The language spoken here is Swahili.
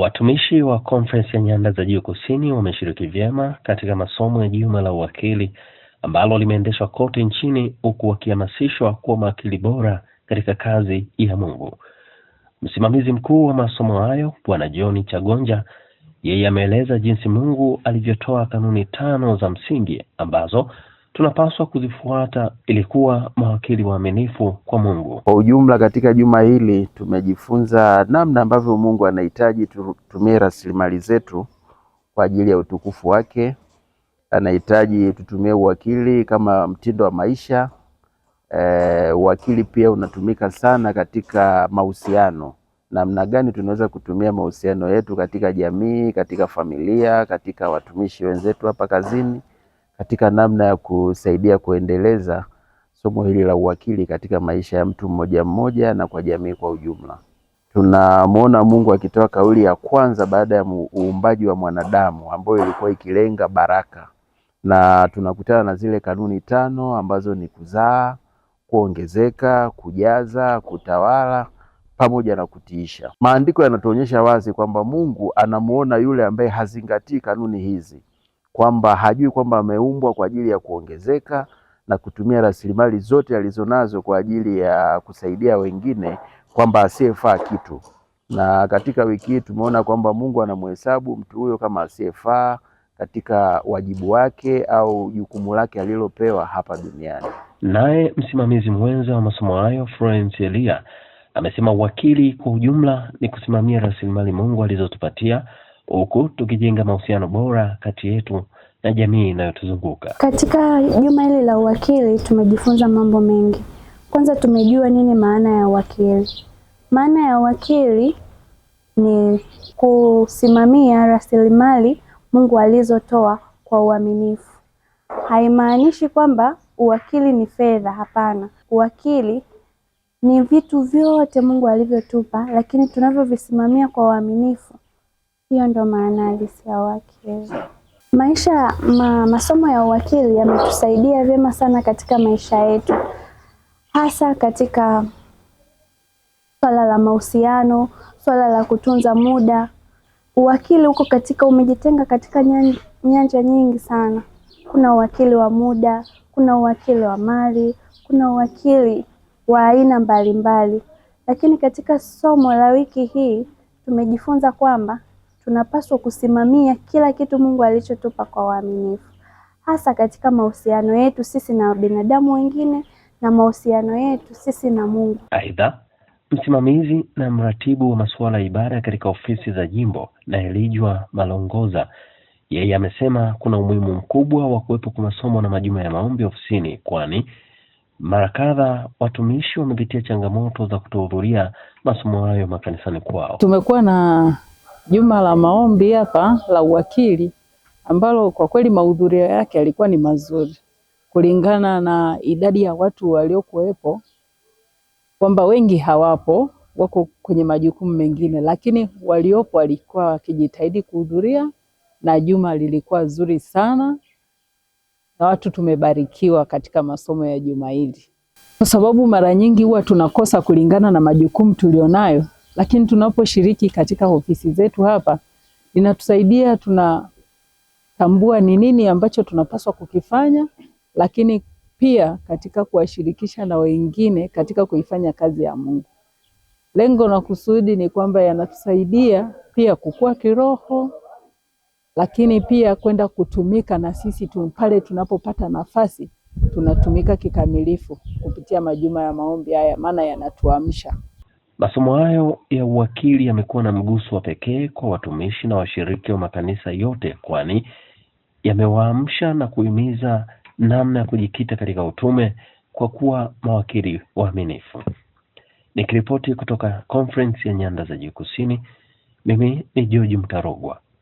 Watumishi wa conference ya Nyanda za Juu Kusini wameshiriki vyema katika masomo ya Juma la Uwakili ambalo limeendeshwa kote nchini huku wakihamasishwa kuwa mawakili bora katika kazi ya Mungu. Msimamizi mkuu wa masomo hayo Bwana John Chagonja yeye ameeleza jinsi Mungu alivyotoa kanuni tano za msingi ambazo tunapaswa kuzifuata ili kuwa mawakili waaminifu kwa Mungu. Kwa ujumla, katika juma hili tumejifunza namna ambavyo Mungu anahitaji tutumie rasilimali zetu kwa ajili ya utukufu wake. Anahitaji tutumie uwakili kama mtindo wa maisha. E, uwakili pia unatumika sana katika mahusiano. Namna gani tunaweza kutumia mahusiano yetu katika jamii, katika familia, katika watumishi wenzetu hapa kazini katika namna ya kusaidia kuendeleza somo hili la uwakili katika maisha ya mtu mmoja mmoja na kwa jamii kwa ujumla. Tunamwona Mungu akitoa kauli ya kwanza baada ya uumbaji wa mwanadamu ambayo ilikuwa ikilenga baraka, na tunakutana na zile kanuni tano ambazo ni kuzaa, kuongezeka, kujaza, kutawala pamoja na kutiisha. Maandiko yanatuonyesha wazi kwamba Mungu anamuona yule ambaye hazingatii kanuni hizi kwamba hajui kwamba ameumbwa kwa ajili ya kuongezeka na kutumia rasilimali zote alizonazo kwa ajili ya kusaidia wengine, kwamba asiyefaa kitu. Na katika wiki hii tumeona kwamba Mungu anamhesabu mtu huyo kama asiyefaa katika wajibu wake au jukumu lake alilopewa hapa duniani. Naye msimamizi mwenza wa masomo hayo Florence Elia amesema wakili kwa ujumla ni kusimamia rasilimali Mungu alizotupatia huku tukijenga mahusiano bora kati yetu na jamii inayotuzunguka. Katika juma hili la uwakili tumejifunza mambo mengi. Kwanza tumejua nini maana ya uwakili. Maana ya uwakili ni kusimamia rasilimali Mungu alizotoa kwa uaminifu. Haimaanishi kwamba uwakili ni fedha, hapana. Uwakili ni vitu vyote Mungu alivyotupa, lakini tunavyovisimamia kwa uaminifu hiyo ndo maana halisi ya uwakili. Maisha ma, masomo ya uwakili yametusaidia vyema sana katika maisha yetu, hasa katika swala la mahusiano, swala la kutunza muda. Uwakili uko katika, umejitenga katika nyanja, nyanja nyingi sana. Kuna uwakili wa muda, kuna uwakili wa mali, kuna uwakili wa aina mbalimbali, lakini katika somo la wiki hii tumejifunza kwamba tunapaswa kusimamia kila kitu Mungu alichotupa kwa uaminifu, hasa katika mahusiano yetu sisi na binadamu wengine na mahusiano yetu sisi na Mungu. Aidha, msimamizi na mratibu wa masuala ya ibada katika ofisi za jimbo na Elijwa Malongoza yeye amesema kuna umuhimu mkubwa wa kuwepo kwa masomo na majuma ya maombi ofisini, kwani mara kadha watumishi wamepitia changamoto za kutohudhuria masomo hayo makanisani kwao. Tumekuwa na juma la maombi hapa la uwakili ambalo kwa kweli mahudhurio yake yalikuwa ni mazuri kulingana na idadi ya watu waliokuwepo, kwamba wengi hawapo, wako kwenye majukumu mengine, lakini waliopo walikuwa wakijitahidi kuhudhuria, na juma lilikuwa zuri sana na watu tumebarikiwa katika masomo ya juma hili, kwa sababu mara nyingi huwa tunakosa kulingana na majukumu tulionayo lakini tunaposhiriki katika ofisi zetu hapa inatusaidia, tunatambua ni nini ambacho tunapaswa kukifanya, lakini pia katika kuwashirikisha na wengine katika kuifanya kazi ya Mungu. Lengo na kusudi ni kwamba yanatusaidia pia kukua kiroho, lakini pia kwenda kutumika na sisi pale tunapopata nafasi tunatumika kikamilifu kupitia majuma ya maombi haya, maana yanatuamsha. Masomo hayo ya uwakili yamekuwa na mguso wa pekee kwa watumishi na washiriki wa makanisa yote, kwani yamewaamsha na kuhimiza namna ya kujikita katika utume kwa kuwa mawakili waaminifu. Nikiripoti kutoka Conference ya Nyanda za Juu Kusini, mimi ni George mtarogwa